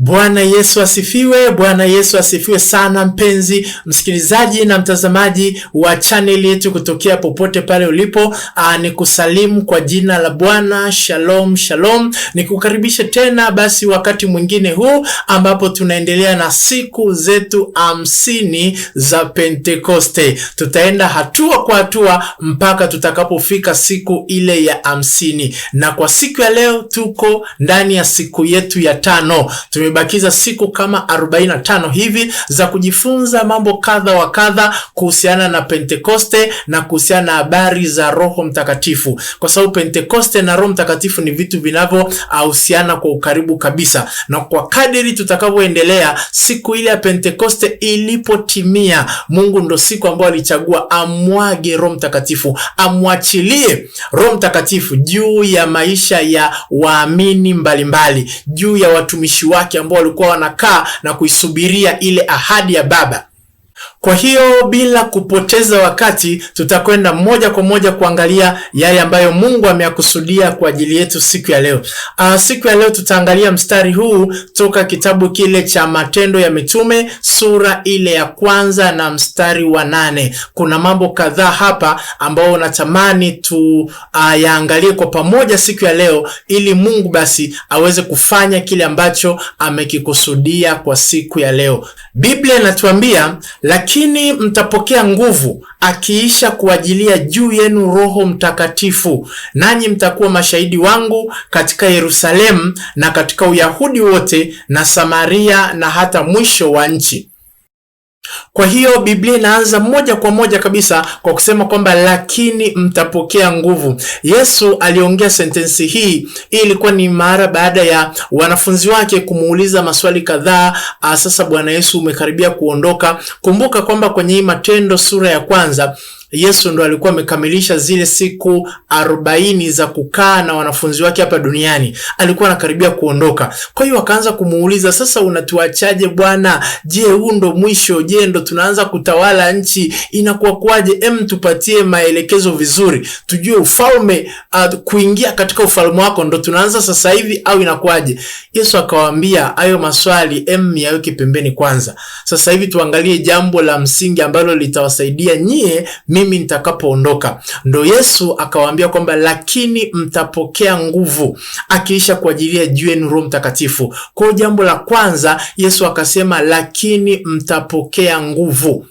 Bwana Yesu asifiwe. Bwana Yesu asifiwe sana, mpenzi msikilizaji na mtazamaji wa chaneli yetu kutokea popote pale ulipo. ni kusalimu kwa jina la Bwana. Shalom, shalom, nikukaribishe tena basi wakati mwingine huu ambapo tunaendelea na siku zetu hamsini za Pentekoste. Tutaenda hatua kwa hatua mpaka tutakapofika siku ile ya hamsini, na kwa siku ya leo tuko ndani ya siku yetu ya tano Tumi Tumebakiza siku kama 45 hivi za kujifunza mambo kadha wa kadha kuhusiana na Pentekoste na kuhusiana na habari za Roho Mtakatifu, kwa sababu Pentekoste na Roho Mtakatifu ni vitu vinavyohusiana kwa ukaribu kabisa, na kwa kadiri tutakavyoendelea, siku ile ya Pentekoste ilipotimia, Mungu ndo siku ambayo alichagua amwage Roho Mtakatifu, amwachilie Roho Mtakatifu juu ya maisha ya waamini mbalimbali, juu ya watumishi wake ambao walikuwa wanakaa na kuisubiria ile ahadi ya Baba kwa hiyo bila kupoteza wakati, tutakwenda moja kwa moja kuangalia yale ambayo Mungu ameyakusudia kwa ajili yetu siku ya leo. Aa, ah, siku ya leo tutaangalia mstari huu toka kitabu kile cha Matendo ya Mitume sura ile ya kwanza na mstari wa nane. Kuna mambo kadhaa hapa ambayo natamani tuyaangalie ah, kwa pamoja siku ya leo, ili Mungu basi aweze kufanya kile ambacho amekikusudia kwa siku ya leo. Biblia inatuambia lakini mtapokea nguvu akiisha kuajilia juu yenu Roho Mtakatifu, nanyi mtakuwa mashahidi wangu katika Yerusalemu na katika Uyahudi wote na Samaria na hata mwisho wa nchi. Kwa hiyo Biblia inaanza moja kwa moja kabisa kwa kusema kwamba lakini mtapokea nguvu. Yesu aliongea sentensi hii, ilikuwa ni mara baada ya wanafunzi wake kumuuliza maswali kadhaa. Ah, sasa Bwana Yesu umekaribia kuondoka. Kumbuka kwamba kwenye hii Matendo sura ya kwanza Yesu ndo alikuwa amekamilisha zile siku arobaini za kukaa na wanafunzi wake hapa duniani, alikuwa anakaribia kuondoka. Kwa hiyo wakaanza kumuuliza, sasa unatuachaje Bwana? Je, huu ndo mwisho? Je, ndo tunaanza kutawala nchi? Inakuwa kwaje? Em, tupatie maelekezo vizuri, tujue ufalme uh, kuingia katika ufalme wako ndo tunaanza sasa hivi au inakuwaje? Yesu akawaambia hayo maswali em, yaweke pembeni kwanza. Sasa hivi tuangalie jambo la msingi ambalo litawasaidia nyie mimi nitakapoondoka. Ndo Yesu akawaambia kwamba lakini mtapokea nguvu akiisha kuajilia juu yenu Roho Mtakatifu. Kwa jambo la kwanza Yesu akasema lakini mtapokea nguvu.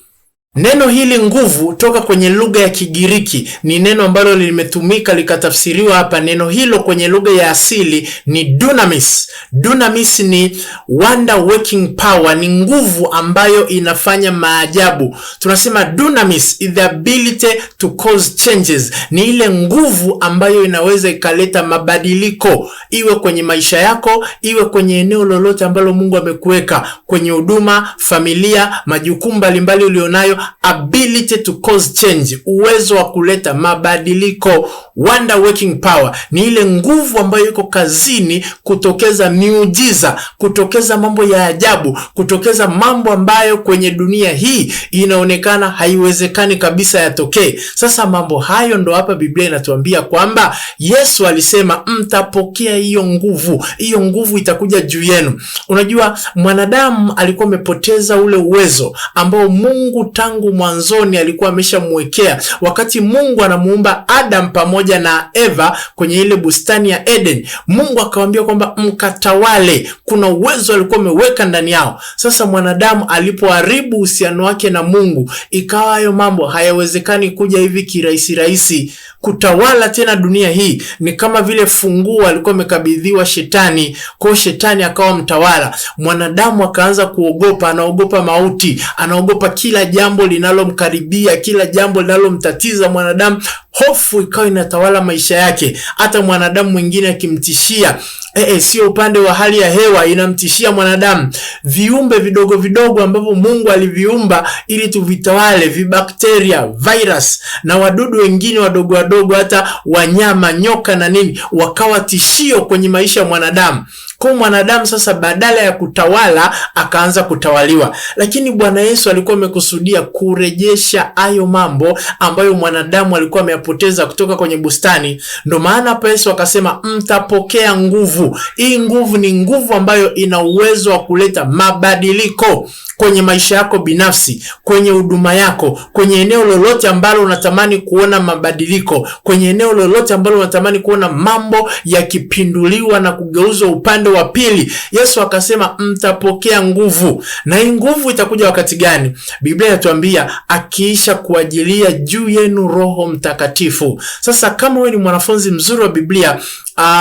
Neno hili nguvu toka kwenye lugha ya Kigiriki ni neno ambalo limetumika likatafsiriwa hapa. Neno hilo kwenye lugha ya asili ni dunamis. Dunamis ni wonder working power, ni nguvu ambayo inafanya maajabu. Tunasema dunamis is the ability to cause changes, ni ile nguvu ambayo inaweza ikaleta mabadiliko, iwe kwenye maisha yako, iwe kwenye eneo lolote ambalo Mungu amekuweka, kwenye huduma, familia, majukumu mbalimbali ulionayo ability to cause change, uwezo wa kuleta mabadiliko. Wonder working power ni ile nguvu ambayo iko kazini kutokeza miujiza, kutokeza mambo ya ajabu, kutokeza mambo ambayo kwenye dunia hii inaonekana haiwezekani kabisa yatokee. Sasa mambo hayo ndo hapa Biblia inatuambia kwamba Yesu alisema mtapokea hiyo nguvu, hiyo nguvu itakuja juu yenu. Unajua mwanadamu alikuwa amepoteza ule uwezo ambao Mungu ta tangu mwanzoni alikuwa ameshamwekea wakati Mungu anamuumba Adam pamoja na Eva kwenye ile bustani ya Eden. Mungu akamwambia kwamba mkatawale, kuna uwezo alikuwa ameweka ndani yao. Sasa mwanadamu alipoharibu uhusiano wake na Mungu, ikawa hayo mambo hayawezekani kuja hivi kirahisi rahisi kutawala tena dunia hii. Ni kama vile funguo alikuwa amekabidhiwa shetani, kwao shetani akawa mtawala. Mwanadamu akaanza kuogopa, anaogopa mauti, anaogopa kila jambo jambo linalomkaribia, kila jambo linalomtatiza mwanadamu, hofu ikawa inatawala maisha yake. Hata mwanadamu mwingine akimtishia, e, e, sio upande wa hali ya hewa, inamtishia mwanadamu. Viumbe vidogo vidogo ambavyo Mungu aliviumba ili tuvitawale, vibakteria, virus na wadudu wengine wadogo wadogo, hata wanyama, nyoka na nini, wakawa tishio kwenye maisha ya mwanadamu. Kwa mwanadamu sasa, badala ya kutawala akaanza kutawaliwa, lakini Bwana Yesu alikuwa amekusudia kurejesha hayo mambo ambayo mwanadamu alikuwa ameyapoteza kutoka kwenye bustani. Ndo maana hapa Yesu akasema mtapokea nguvu. Hii nguvu ni nguvu ambayo ina uwezo wa kuleta mabadiliko kwenye maisha yako binafsi, kwenye huduma yako, kwenye eneo lolote ambalo unatamani kuona mabadiliko, kwenye eneo lolote ambalo unatamani kuona mambo yakipinduliwa na kugeuzwa upande wa pili. Yesu akasema mtapokea nguvu. Na hii nguvu itakuja wakati gani? Biblia inatuambia akiisha kuajilia juu yenu Roho Mtakatifu. Sasa kama wewe ni mwanafunzi mzuri wa Biblia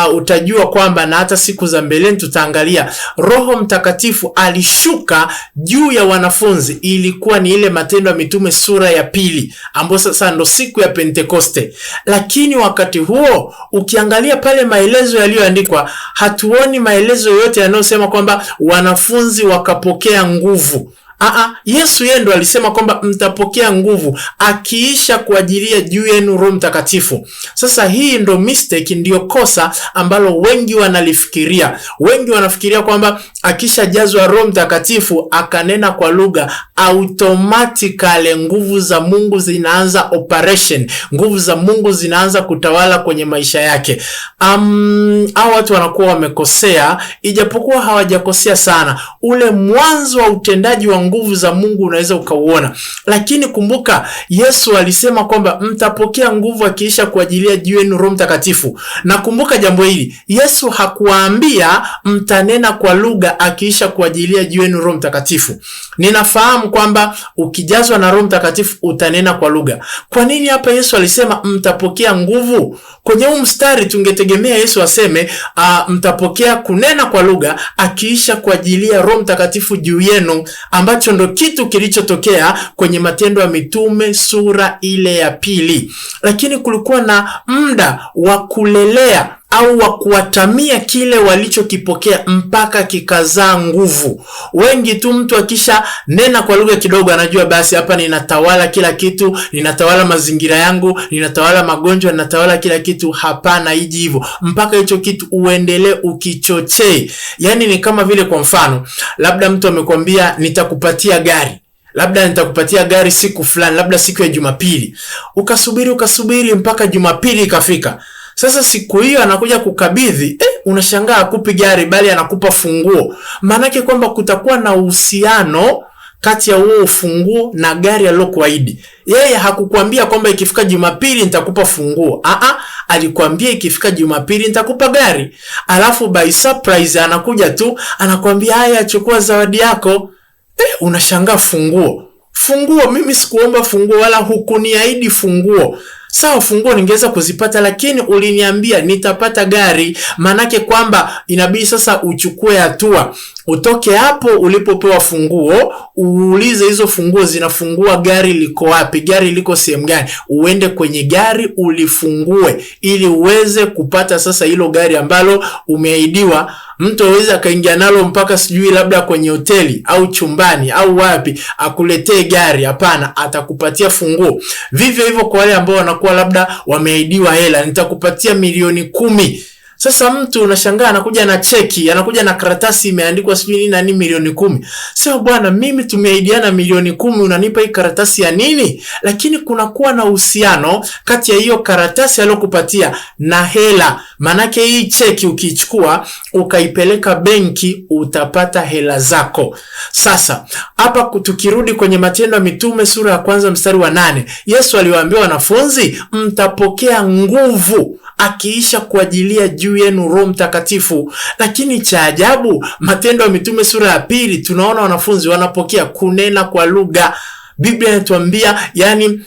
Uh, utajua kwamba na hata siku za mbeleni tutaangalia Roho Mtakatifu alishuka juu juu ya wanafunzi ilikuwa ni ile Matendo ya Mitume sura ya pili, ambayo sasa ndo siku ya Pentekoste. Lakini wakati huo ukiangalia pale maelezo yaliyoandikwa, hatuoni maelezo yote yanayosema kwamba wanafunzi wakapokea nguvu. Aa, ah, ah, Yesu yeye ndo alisema kwamba mtapokea nguvu akiisha kuajilia juu yenu Roho Mtakatifu. Sasa hii ndo mistake, ndiyo kosa ambalo wengi wanalifikiria. Wengi wanafikiria kwamba akishajazwa Roho Mtakatifu akanena kwa lugha, automatically nguvu za Mungu zinaanza operation, nguvu za Mungu zinaanza kutawala kwenye maisha yake. Um, hao watu wanakuwa wamekosea, ijapokuwa hawajakosea sana. Ule mwanzo wa utendaji wa nguvu za Mungu unaweza ukauona, lakini kumbuka Yesu alisema kwamba mtapokea nguvu akiisha kuajilia juu yenu Roho Mtakatifu. Na kumbuka jambo hili, Yesu hakuwaambia mtanena kwa lugha akiisha kuajilia juu yenu Roho Mtakatifu. Ninafahamu kwamba ukijazwa na Roho Mtakatifu utanena kwa lugha. Kwa nini hapa Yesu alisema mtapokea nguvu? Kwenye huu mstari tungetegemea Yesu aseme uh, mtapokea kunena kwa lugha akiisha kuajilia Roho Mtakatifu juu yenu ambayo ambacho ndo kitu kilichotokea kwenye Matendo ya Mitume sura ile ya pili, lakini kulikuwa na muda wa kulelea au wa kuwatamia kile walichokipokea mpaka kikazaa nguvu. Wengi tu mtu akisha nena kwa lugha kidogo, anajua basi, hapa ninatawala kila kitu, ninatawala mazingira yangu, ninatawala magonjwa, ninatawala kila kitu. Hapana, hiji hivyo mpaka hicho kitu uendelee ukichochee. Yani ni kama vile, kwa mfano, labda mtu amekwambia nitakupatia gari labda nitakupatia gari siku fulani, labda siku ya Jumapili, ukasubiri ukasubiri mpaka Jumapili ikafika sasa siku hiyo anakuja kukabidhi eh, unashangaa akupi gari bali anakupa funguo. Maanake kwamba kutakuwa na uhusiano kati ya huo ufunguo na gari alilokuahidi yeye. Hakukwambia kwamba ikifika Jumapili nitakupa funguo. ah, alikwambia ikifika Jumapili nitakupa gari, alafu by surprise anakuja tu anakwambia haya, chukua zawadi yako. Eh, unashangaa funguo funguo. Mimi sikuomba funguo wala hukuniahidi funguo. Sawa, funguo ningeweza kuzipata, lakini uliniambia nitapata gari, maanake kwamba inabidi sasa uchukue hatua utoke hapo ulipopewa funguo, uulize hizo funguo zinafungua gari liko wapi, gari liko sehemu gani, uende kwenye gari ulifungue, ili uweze kupata sasa hilo gari ambalo umeaidiwa Mtu aweze akaingia nalo mpaka sijui labda kwenye hoteli au chumbani au wapi, akuletee gari? Hapana, atakupatia funguo. Vivyo hivyo kwa wale ambao wanakuwa labda wameaidiwa hela, nitakupatia milioni kumi sasa mtu unashangaa anakuja na cheki, anakuja na karatasi imeandikwa sijui nini na nini milioni kumi. Sio bwana, mimi tumeahidiana milioni kumi, unanipa hii karatasi ya nini? Lakini kunakuwa na uhusiano kati ya hiyo karatasi aliyokupatia na hela. Maanake hii cheki ukiichukua ukaipeleka benki utapata hela zako. Sasa hapa tukirudi kwenye Matendo ya Mitume sura ya kwanza mstari wa nane, Yesu aliwaambia wanafunzi, mtapokea nguvu akiisha kuajilia juu yenu Roho Mtakatifu. Lakini cha ajabu, Matendo ya Mitume sura ya pili, tunaona wanafunzi wanapokea kunena kwa lugha. Biblia inatuambia yani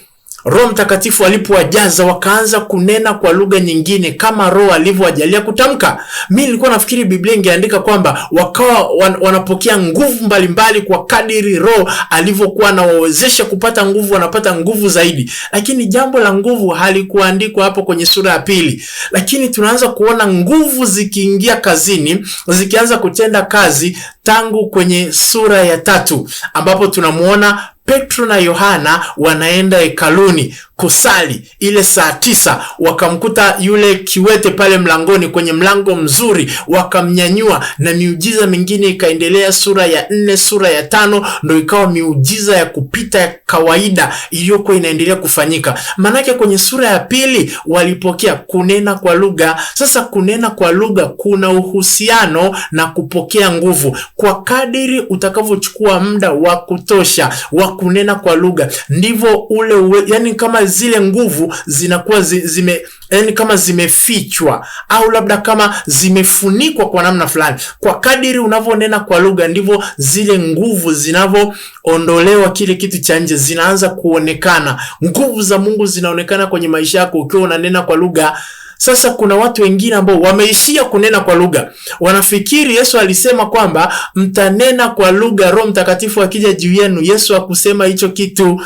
Roho Mtakatifu alipowajaza wakaanza kunena kwa lugha nyingine kama Roho alivyowajalia kutamka. Mi nilikuwa nafikiri Biblia ingeandika kwamba wakawa wan, wanapokea nguvu mbalimbali kwa kadiri Roho alivyokuwa anawawezesha kupata nguvu, wanapata nguvu zaidi, lakini jambo la nguvu halikuandikwa hapo kwenye sura ya pili. Lakini tunaanza kuona nguvu zikiingia kazini, zikianza kutenda kazi tangu kwenye sura ya tatu ambapo tunamwona Petro na Yohana wanaenda hekaluni kusali ile saa tisa, wakamkuta yule kiwete pale mlangoni, kwenye mlango mzuri, wakamnyanyua na miujiza mingine ikaendelea. Sura ya nne, sura ya tano, ndo ikawa miujiza ya kupita ya kawaida iliyokuwa inaendelea kufanyika. Maanake kwenye sura ya pili walipokea kunena kwa lugha. Sasa kunena kwa lugha kuna uhusiano na kupokea nguvu. Kwa kadiri utakavyochukua muda wa kutosha wa kunena kwa lugha, ndivyo ule uwe, yani kama zile nguvu zinakuwa zi, zime yani kama zimefichwa au labda kama zimefunikwa kwa namna fulani. Kwa kadiri unavyonena kwa lugha, ndivyo zile nguvu zinavyoondolewa kile kitu cha nje, zinaanza kuonekana. Nguvu za Mungu zinaonekana kwenye maisha yako ukiwa unanena kwa lugha. Sasa kuna watu wengine ambao wameishia kunena kwa lugha, wanafikiri Yesu alisema kwamba mtanena kwa lugha, Roho Mtakatifu akija juu yenu. Yesu hakusema hicho kitu.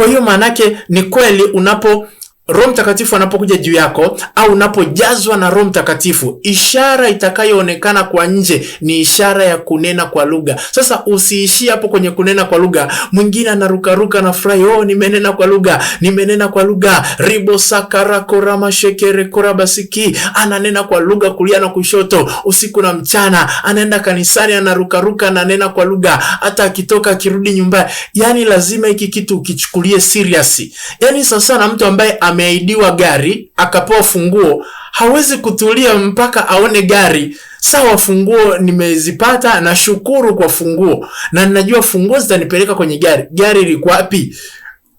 Kwa hiyo maanake ni kweli unapo Roho Mtakatifu anapokuja juu yako au unapojazwa na Roho Mtakatifu, ishara itakayoonekana kwa nje ni ishara ya kunena kwa lugha. Sasa usiishie hapo kwenye kunena kwa lugha. Mwingine anarukaruka na furahi, oh, nimenena kwa lugha, nimenena kwa lugha, ribo sakara korama shekere korabasiki, ananena kwa lugha kulia na kushoto, usiku na mchana, anaenda kanisani, anarukaruka, ananena kwa lugha, hata akitoka akirudi nyumbani. Yani lazima hiki kitu ukichukulie seriously, yani sasa na mtu ambaye ame ameahidiwa gari akapewa funguo, hawezi kutulia mpaka aone gari. Sawa, funguo nimezipata, nashukuru kwa funguo na ninajua funguo zitanipeleka kwenye gari. Gari liko wapi?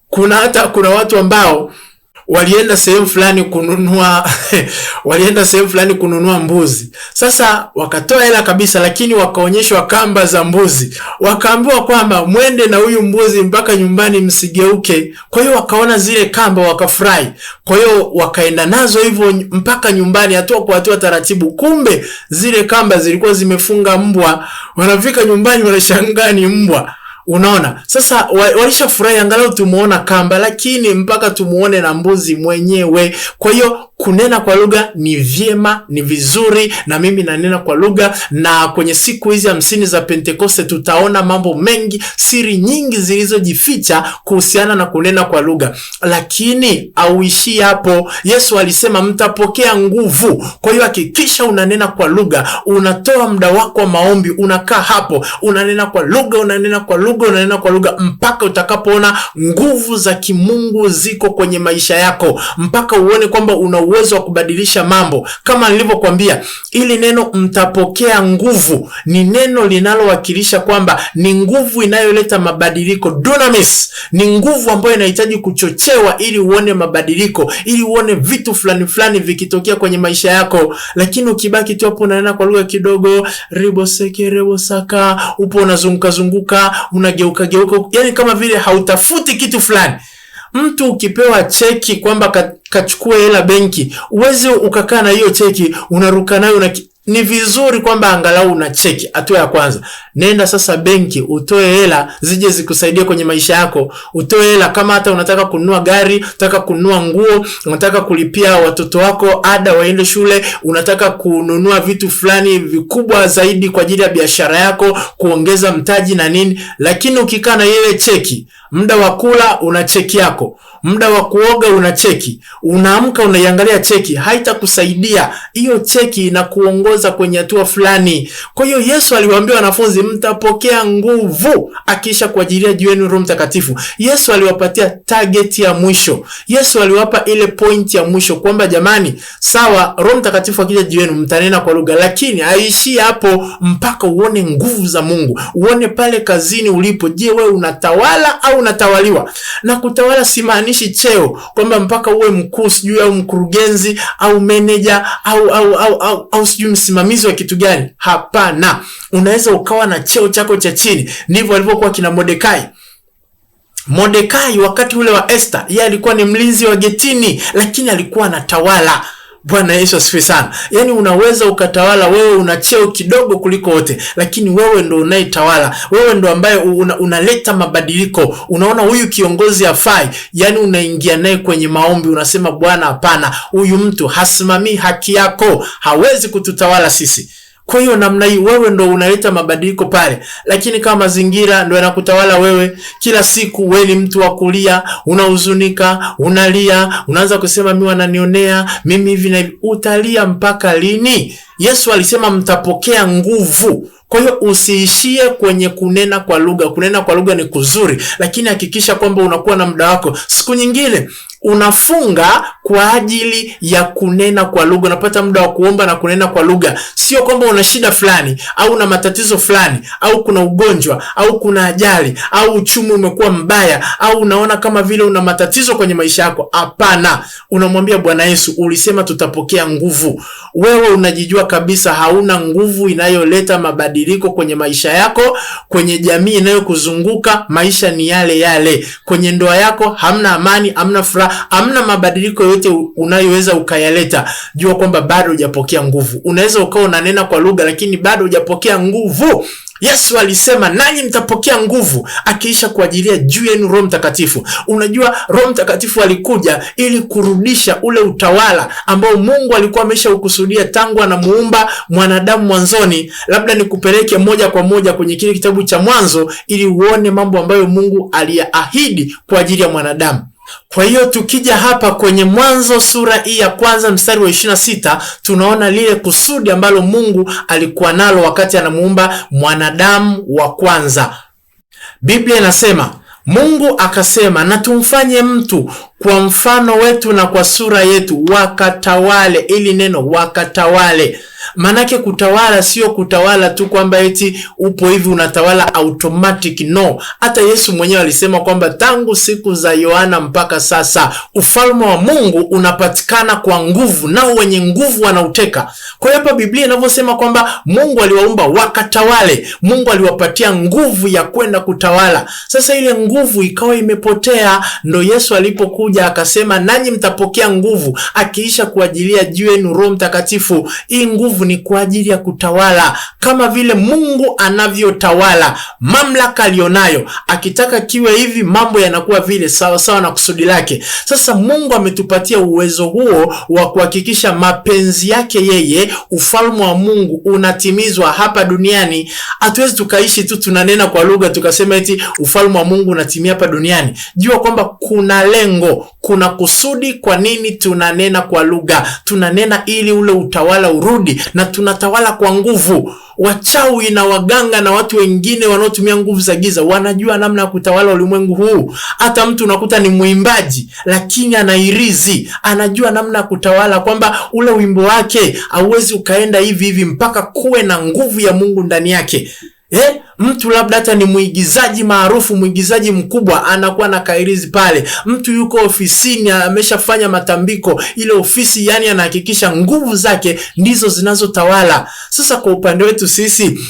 Kuna hata kuna watu ambao walienda sehemu fulani kununua walienda sehemu fulani kununua mbuzi. Sasa wakatoa hela kabisa, lakini wakaonyeshwa kamba za mbuzi, wakaambiwa kwamba mwende na huyu mbuzi mpaka nyumbani, msigeuke. Kwa hiyo wakaona zile kamba wakafurahi, kwa hiyo wakaenda nazo hivyo mpaka nyumbani, hatua kwa hatua, taratibu. Kumbe zile kamba zilikuwa zimefunga mbwa. Wanafika nyumbani, wanashangaa ni mbwa. Unaona sasa, walishafurahi angalau tumuona kamba, lakini mpaka tumuone na mbuzi mwenyewe. Kwa hiyo kunena kwa lugha ni vyema, ni vizuri, na mimi nanena kwa lugha. Na kwenye siku hizi hamsini za Pentekoste tutaona mambo mengi, siri nyingi zilizojificha kuhusiana na kunena kwa lugha, lakini auishi hapo. Yesu alisema mtapokea nguvu. Kwa hiyo hakikisha unanena kwa lugha, unatoa muda wako wa maombi, unakaa hapo, unanena kwa lugha, unanena kwa lugha, unanena kwa lugha mpaka utakapoona nguvu za kimungu ziko kwenye maisha yako, mpaka uone kwamba una uwezo wa kubadilisha mambo. Kama nilivyokuambia, ili neno mtapokea nguvu ni neno linalowakilisha kwamba ni nguvu inayoleta mabadiliko. Dunamis ni nguvu ambayo inahitaji kuchochewa ili uone mabadiliko, ili uone vitu fulani fulani vikitokea kwenye maisha yako. Lakini ukibaki tu hapo unanena kwa lugha kidogo riboseke rebosaka, upo unazunguka zunguka, unageuka geuka, yani kama vile hautafuti kitu fulani Mtu ukipewa cheki kwamba kachukua hela benki, uwezi ukakaa na hiyo cheki unaruka nayo ni vizuri kwamba angalau una cheki. hatua ya kwanza. Nenda sasa benki utoe hela zije zikusaidie kwenye maisha yako. Utoe hela kama hata unataka kununua gari, unataka kununua nguo, unataka kulipia watoto wako ada waende shule, unataka kununua vitu fulani vikubwa zaidi kwa ajili ya biashara yako, kuongeza mtaji na nini. Lakini ukikaa na ile cheki, muda wa kula una cheki yako, muda wa kuoga una cheki, unaamka unaiangalia cheki, haitakusaidia hiyo cheki na kuongoza kuwaongoza kwenye hatua fulani. Kwa hiyo Yesu aliwaambia wanafunzi, mtapokea nguvu akiisha kuajiria juu yenu Roho Mtakatifu. Yesu aliwapatia target ya mwisho. Yesu aliwapa ile point ya mwisho kwamba jamani, sawa, Roho Mtakatifu akija juu yenu mtanena kwa lugha, lakini haiishii hapo mpaka uone nguvu za Mungu, uone pale kazini ulipo. Je, wewe unatawala au unatawaliwa? Na kutawala simaanishi cheo kwamba mpaka uwe mkuu sijui au mkurugenzi au meneja au au au, au, au sijui msimamizi wa kitu gani? Hapana, unaweza ukawa na cheo chako cha chini. Ndivyo alivyokuwa kina Mordekai. Mordekai wakati ule wa Esther, yeye alikuwa ni mlinzi wa getini, lakini alikuwa anatawala. Bwana Yesu asifiwe sana. Yaani unaweza ukatawala, wewe una cheo kidogo kuliko wote, lakini wewe ndo unayetawala, wewe ndo ambaye una, unaleta mabadiliko. Unaona huyu kiongozi hafai, yaani unaingia naye kwenye maombi, unasema Bwana, hapana, huyu mtu hasimamii haki yako, hawezi kututawala sisi. Kwa hiyo namna hii wewe ndo unaleta mabadiliko pale, lakini kama mazingira ndo yanakutawala wewe, kila siku wewe ni mtu wa kulia, unahuzunika, unalia, unaanza kusema mimi wananionea mimi hivi na hivi, utalia mpaka lini? Yesu alisema mtapokea nguvu. Kwa hiyo usiishie kwenye kunena kwa lugha. Kunena kwa lugha ni kuzuri, lakini hakikisha kwamba unakuwa na muda wako. Siku nyingine unafunga kwa ajili ya kunena kwa lugha. Unapata muda wa kuomba na kunena kwa lugha. Sio kwamba una shida fulani au una matatizo fulani au kuna ugonjwa au kuna ajali au uchumi umekuwa mbaya au unaona kama vile una matatizo kwenye maisha yako. Hapana, unamwambia Bwana Yesu, ulisema tutapokea nguvu. Wewe unajijua kabisa hauna nguvu inayoleta mabadiliko kwenye maisha yako, kwenye jamii inayokuzunguka maisha ni yale yale, kwenye ndoa yako hamna amani, hamna furaha, hamna mabadiliko yoyote unayoweza ukayaleta, jua kwamba bado hujapokea nguvu. Unaweza ukawa unanena kwa lugha, lakini bado hujapokea nguvu. Yesu alisema nanyi mtapokea nguvu akiisha kuajilia juu yenu Roho Mtakatifu. Unajua, Roho Mtakatifu alikuja ili kurudisha ule utawala ambao Mungu alikuwa ameshaukusudia tangu anamuumba mwanadamu mwanzoni. Labda nikupeleke moja kwa moja kwenye kile kitabu cha Mwanzo ili uone mambo ambayo Mungu aliyaahidi kwa ajili ya mwanadamu. Kwa hiyo tukija hapa kwenye Mwanzo sura hii ya kwanza mstari wa ishirini na sita tunaona lile kusudi ambalo Mungu alikuwa nalo wakati anamuumba mwanadamu wa kwanza. Biblia inasema Mungu akasema, na tumfanye mtu kwa mfano wetu na kwa sura yetu, wakatawale. Ili neno wakatawale Maanake kutawala sio kutawala tu kwamba eti upo hivi unatawala automatic, no. Hata Yesu mwenyewe alisema kwamba tangu siku za Yohana mpaka sasa ufalme wa Mungu unapatikana kwa nguvu, nao wenye nguvu wanauteka. Kwa hiyo hapa Biblia inavyosema kwamba Mungu aliwaumba wakatawale, Mungu aliwapatia nguvu ya kwenda kutawala. Sasa ile nguvu ikawa imepotea, ndo Yesu alipokuja akasema, nanyi mtapokea nguvu akiisha kuajilia juu yenu Roho Mtakatifu. Hii nguvu nguvu ni kwa ajili ya kutawala kama vile Mungu anavyotawala, mamlaka aliyonayo. Akitaka kiwe hivi, mambo yanakuwa vile, sawa sawa na kusudi lake. Sasa Mungu ametupatia uwezo huo wa kuhakikisha mapenzi yake yeye, ufalme wa Mungu unatimizwa hapa duniani. Hatuwezi tukaishi tu tunanena kwa lugha tukasema eti ufalme wa Mungu unatimia hapa duniani. Jua kwamba kuna lengo, kuna kusudi. Kwa nini tunanena kwa lugha? Tunanena ili ule utawala urudi na tunatawala kwa nguvu. Wachawi na waganga na watu wengine wanaotumia nguvu za giza wanajua namna ya kutawala ulimwengu huu. Hata mtu unakuta ni mwimbaji, lakini anairizi, anajua namna ya kutawala, kwamba ule wimbo wake hauwezi ukaenda hivi hivi mpaka kuwe na nguvu ya Mungu ndani yake. Eh, mtu labda hata ni mwigizaji maarufu, mwigizaji mkubwa, anakuwa na kairizi pale. Mtu yuko ofisini, ameshafanya matambiko, ile ofisi yani anahakikisha nguvu zake ndizo zinazotawala. Sasa kwa upande wetu sisi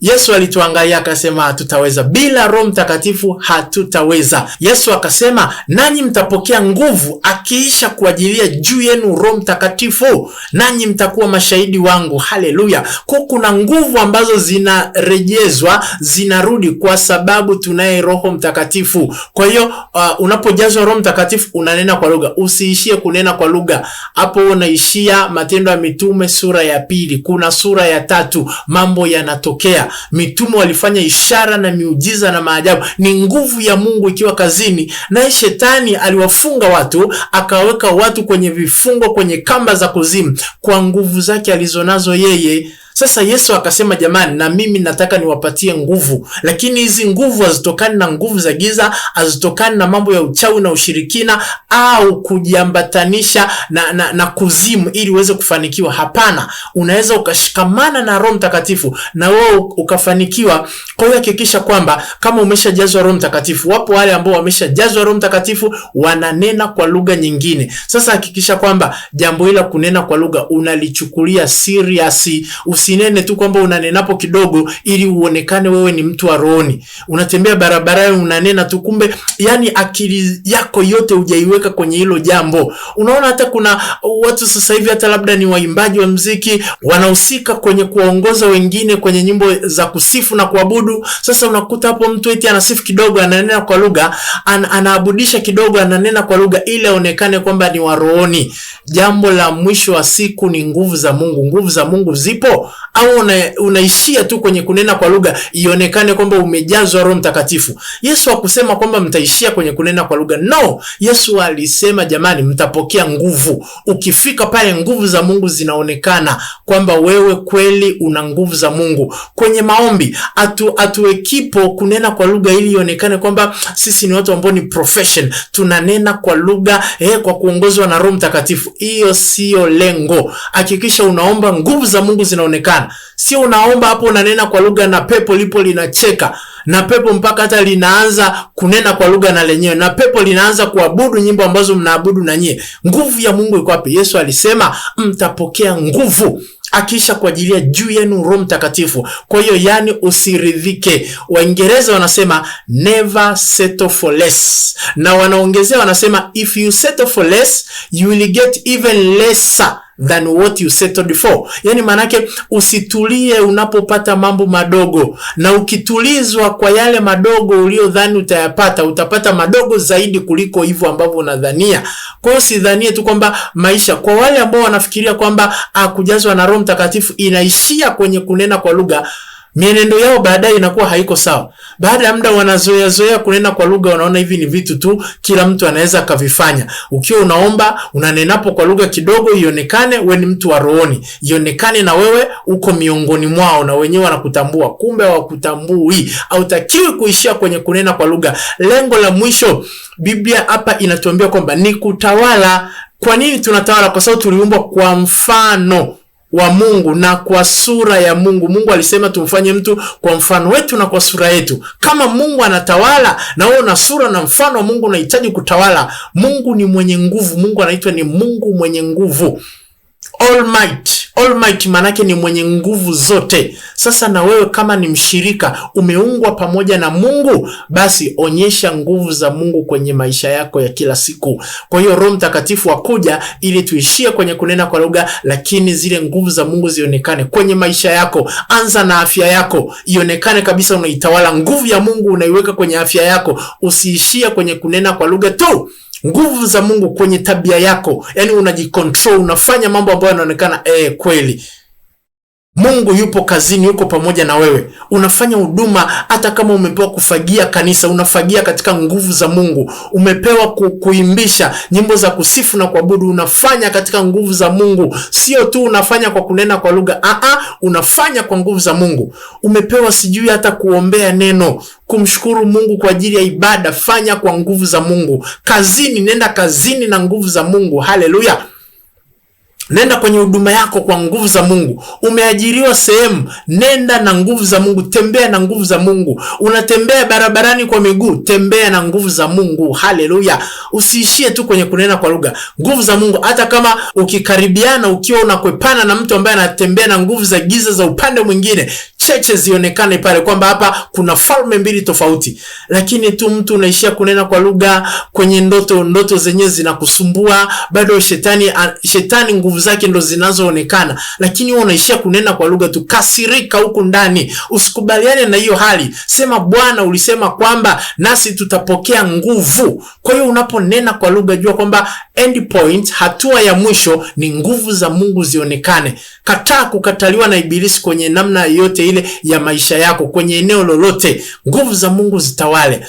Yesu alituangalia akasema, hatutaweza. Bila Roho Mtakatifu hatutaweza. Yesu akasema, nanyi mtapokea nguvu akiisha kuajilia juu yenu Roho Mtakatifu, nanyi mtakuwa mashahidi wangu. Haleluya! Kwa kuna nguvu ambazo zinarejezwa zinarudi, kwa sababu tunaye Roho Mtakatifu. Kwa hiyo uh, unapojazwa Roho Mtakatifu unanena kwa lugha. Usiishie kunena kwa lugha, hapo unaishia Matendo ya Mitume sura ya pili. Kuna sura ya tatu, mambo yanatokea Mitume walifanya ishara na miujiza na maajabu, ni nguvu ya Mungu ikiwa kazini. Naye shetani aliwafunga watu, akaweka watu kwenye vifungo, kwenye kamba za kuzimu, kwa nguvu zake alizonazo yeye. Sasa Yesu akasema, jamani, na mimi nataka niwapatie nguvu, lakini hizi nguvu hazitokani na nguvu za giza, hazitokani na mambo ya uchawi na ushirikina au kujiambatanisha na, na, na kuzimu ili uweze kufanikiwa. Hapana, unaweza ukashikamana na Roho Mtakatifu na wewe ukafanikiwa. Kwa hiyo hakikisha kwamba kama umeshajazwa Roho Mtakatifu, wapo wale ambao wameshajazwa Roho Mtakatifu wananena kwa lugha nyingine. Sasa hakikisha kwamba jambo hilo kunena kwa lugha unalichukulia serious usinene tu kwamba unanenapo kidogo ili uonekane wewe ni mtu wa rohoni. Unatembea barabarani unanena tu, kumbe yani akili yako yote hujaiweka kwenye hilo jambo. Unaona hata kuna watu sasa hivi hata labda ni waimbaji wa mziki wanahusika kwenye kuwaongoza wengine kwenye nyimbo za kusifu na kuabudu. Sasa unakuta hapo mtu eti anasifu kidogo, ananena kwa lugha an, anaabudisha kidogo, ananena kwa lugha ili aonekane kwamba ni wa rohoni. Jambo la mwisho wa siku ni nguvu za Mungu. Nguvu za Mungu zipo au una, unaishia tu kwenye kunena kwa lugha ionekane kwamba umejazwa Roho Mtakatifu. Yesu hakusema kwamba mtaishia kwenye kunena kwa lugha. No, Yesu alisema jamani, mtapokea nguvu. Ukifika pale, nguvu za Mungu zinaonekana kwamba wewe kweli una nguvu za Mungu. Kwenye maombi atu, atuekipo kunena kwa lugha ili ionekane kwamba sisi ni watu ambao ni profession, tunanena kwa lugha eh, kwa kuongozwa na Roho Mtakatifu. Hiyo siyo lengo. Hakikisha unaomba nguvu za Mungu zinaonekana kuonekana. Sio unaomba hapo unanena kwa lugha na pepo lipo linacheka, na pepo mpaka hata linaanza kunena kwa lugha na lenyewe, na pepo linaanza kuabudu nyimbo ambazo mnaabudu na nyie. Nguvu ya Mungu iko wapi? Yesu alisema mtapokea nguvu akiisha kuajilia juu yenu Roho Mtakatifu. Kwa hiyo yani, usiridhike. Waingereza wanasema never settle for less, na wanaongezea wanasema if you settle for less you will get even lesser than what you settled for. Yani maanake usitulie unapopata mambo madogo, na ukitulizwa kwa yale madogo uliodhani utayapata, utapata madogo zaidi kuliko hivyo ambavyo unadhania. Kwa hiyo usidhanie tu kwamba maisha, kwa wale ambao wanafikiria kwamba akujazwa ah, na Roho Mtakatifu inaishia kwenye kunena kwa lugha mienendo yao baadaye inakuwa haiko sawa. Baada ya muda wanazoea zoea kunena kwa lugha, wanaona hivi ni vitu tu kila mtu anaweza akavifanya. Ukiwa unaomba unanenapo kwa lugha kidogo, ionekane we ni mtu wa rohoni, ionekane na wewe uko miongoni mwao na wenyewe wanakutambua, kumbe hawakutambui. Hautakiwi kuishia kwenye kunena kwa lugha. Lengo la mwisho, Biblia hapa inatuambia kwamba ni kutawala. Kwa nini tunatawala? Kwa sababu tuliumbwa kwa mfano wa Mungu na kwa sura ya Mungu. Mungu alisema tumfanye mtu kwa mfano wetu na kwa sura yetu. Kama Mungu anatawala na wewe una sura na mfano wa Mungu unahitaji kutawala. Mungu ni mwenye nguvu. Mungu anaitwa ni Mungu mwenye nguvu. Almighty. Almighty manake ni mwenye nguvu zote. Sasa na wewe kama ni mshirika umeungwa pamoja na Mungu, basi onyesha nguvu za Mungu kwenye maisha yako ya kila siku. Kwa hiyo Roho Mtakatifu akuja ili tuishie kwenye kunena kwa lugha, lakini zile nguvu za Mungu zionekane kwenye maisha yako. Anza na afya yako, ionekane kabisa unaitawala nguvu ya Mungu, unaiweka kwenye afya yako, usiishia kwenye kunena kwa lugha tu nguvu za Mungu kwenye tabia yako, yani unajikontrol, unafanya mambo ambayo yanaonekana eh, kweli Mungu yupo kazini, yuko pamoja na wewe. Unafanya huduma, hata kama umepewa kufagia kanisa, unafagia katika nguvu za Mungu. Umepewa kuimbisha nyimbo za kusifu na kuabudu, unafanya katika nguvu za Mungu. Sio tu unafanya kwa kunena kwa lugha, aa, unafanya kwa nguvu za Mungu. Umepewa sijui hata kuombea neno, kumshukuru Mungu kwa ajili ya ibada, fanya kwa nguvu za Mungu. Kazini, nenda kazini na nguvu za Mungu. Haleluya! Nenda kwenye huduma yako kwa nguvu za Mungu. Umeajiriwa sehemu, nenda na nguvu za Mungu, tembea na nguvu za Mungu. Unatembea barabarani kwa miguu, tembea na nguvu za Mungu. Haleluya! Usiishie tu kwenye kunena kwa lugha. Nguvu za Mungu, hata kama ukikaribiana, ukiwa unakwepana na mtu ambaye anatembea na nguvu za giza za upande mwingine cheche zionekane pale kwamba hapa kuna falme mbili tofauti, lakini tu mtu unaishia kunena kwa lugha kwenye ndoto, ndoto zenyewe zinakusumbua bado. Shetani shetani nguvu zake ndo zinazoonekana, lakini wewe unaishia kunena kwa lugha tu. Kasirika huku ndani, usikubaliane na hiyo hali. Sema Bwana, ulisema kwamba nasi tutapokea nguvu. Kwa hiyo unaponena kwa lugha, jua kwamba end point, hatua ya mwisho ni nguvu za Mungu zionekane. Kataa kukataliwa na Ibilisi kwenye namna yote ile ile ya maisha yako kwenye eneo lolote. Nguvu za Mungu zitawale.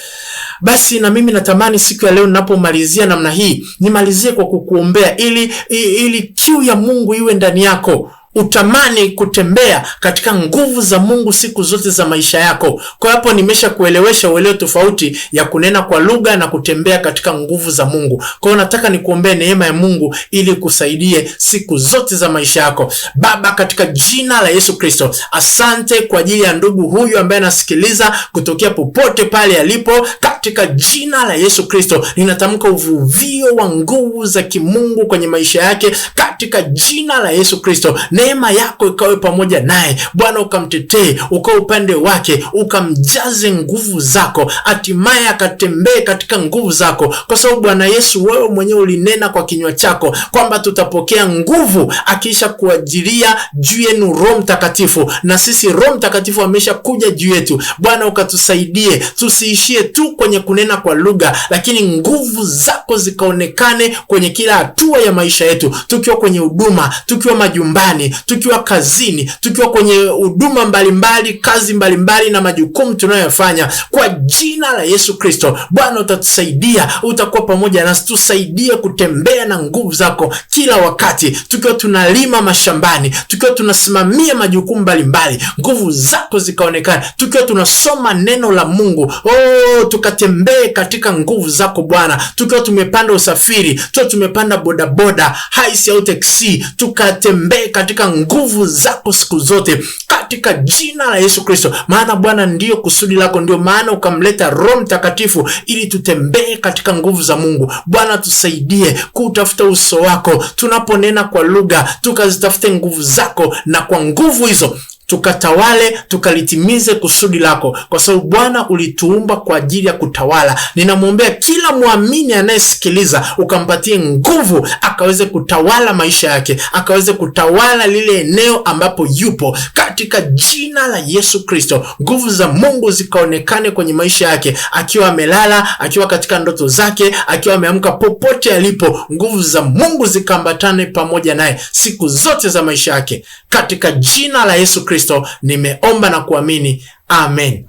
Basi na mimi natamani siku ya leo ninapomalizia namna hii nimalizie kwa kukuombea ili, ili kiu ya Mungu iwe ndani yako utamani kutembea katika nguvu za Mungu siku zote za maisha yako. Kwa hapo nimesha kuelewesha uelewe tofauti ya kunena kwa lugha na kutembea katika nguvu za Mungu. Kwa hiyo nataka nikuombee neema ya Mungu ili kusaidie siku zote za maisha yako. Baba, katika jina la Yesu Kristo, asante kwa ajili ya ndugu huyu ambaye anasikiliza kutokea popote pale alipo. Katika jina la Yesu Kristo ninatamka uvuvio wa nguvu za kimungu kwenye maisha yake katika jina la Yesu Kristo ne neema yako ikawe pamoja naye Bwana, ukamtetee ukawe upande wake, ukamjaze nguvu zako, hatimaye akatembee katika nguvu zako, kwa sababu Bwana Yesu, wewe mwenyewe ulinena kwa kinywa chako kwamba tutapokea nguvu akiisha kuajilia juu yenu Roho Mtakatifu, na sisi Roho Mtakatifu amesha kuja juu yetu. Bwana, ukatusaidie tusiishie tu kwenye kunena kwa lugha, lakini nguvu zako zikaonekane kwenye kila hatua ya maisha yetu, tukiwa kwenye huduma, tukiwa majumbani tukiwa kazini, tukiwa kwenye huduma mbalimbali, kazi mbalimbali mbali na majukumu tunayoyafanya, kwa jina la Yesu Kristo. Bwana utatusaidia, utakuwa pamoja nasi, tusaidie kutembea na nguvu zako kila wakati, tukiwa tunalima mashambani, tukiwa tunasimamia majukumu mbalimbali, nguvu zako zikaonekana, tukiwa tunasoma neno la Mungu. Oh, tukatembee katika nguvu zako Bwana, tukiwa tumepanda usafiri, tukiwa tumepanda bodaboda, haisi au teksi, tukatembee katika katika nguvu zako siku zote katika jina la Yesu Kristo, maana Bwana ndiyo kusudi lako, ndio maana ukamleta Roho Mtakatifu ili tutembee katika nguvu za Mungu. Bwana tusaidie kutafuta uso wako tunaponena kwa lugha, tukazitafute nguvu zako, na kwa nguvu hizo tukatawale tukalitimize kusudi lako, kwa sababu Bwana ulituumba kwa ajili ya kutawala. Ninamwombea kila mwamini anayesikiliza, ukampatie nguvu akaweze kutawala maisha yake, akaweze kutawala lile eneo ambapo yupo, katika jina la Yesu Kristo. Nguvu za Mungu zikaonekane kwenye maisha yake, akiwa amelala, akiwa katika ndoto zake, akiwa ameamka, popote alipo, nguvu za Mungu zikaambatane pamoja naye siku zote za maisha yake, katika jina la Yesu Kristo. Kristo nimeomba na kuamini, amen.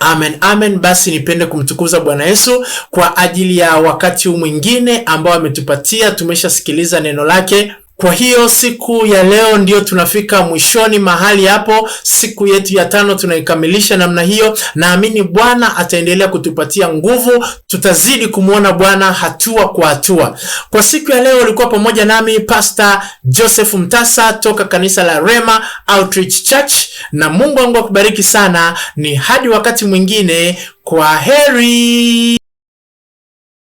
Amen, amen. Basi nipende kumtukuza Bwana Yesu kwa ajili ya wakati huu mwingine ambao ametupatia. Tumeshasikiliza neno lake kwa hiyo siku ya leo ndio tunafika mwishoni mahali hapo. Siku yetu ya tano tunaikamilisha namna hiyo. Naamini Bwana ataendelea kutupatia nguvu, tutazidi kumwona Bwana hatua kwa hatua. Kwa siku ya leo ulikuwa pamoja nami Pastor Joseph Mtasa toka kanisa la Rema Outreach Church, na Mungu wangu akubariki sana. Ni hadi wakati mwingine, kwa heri.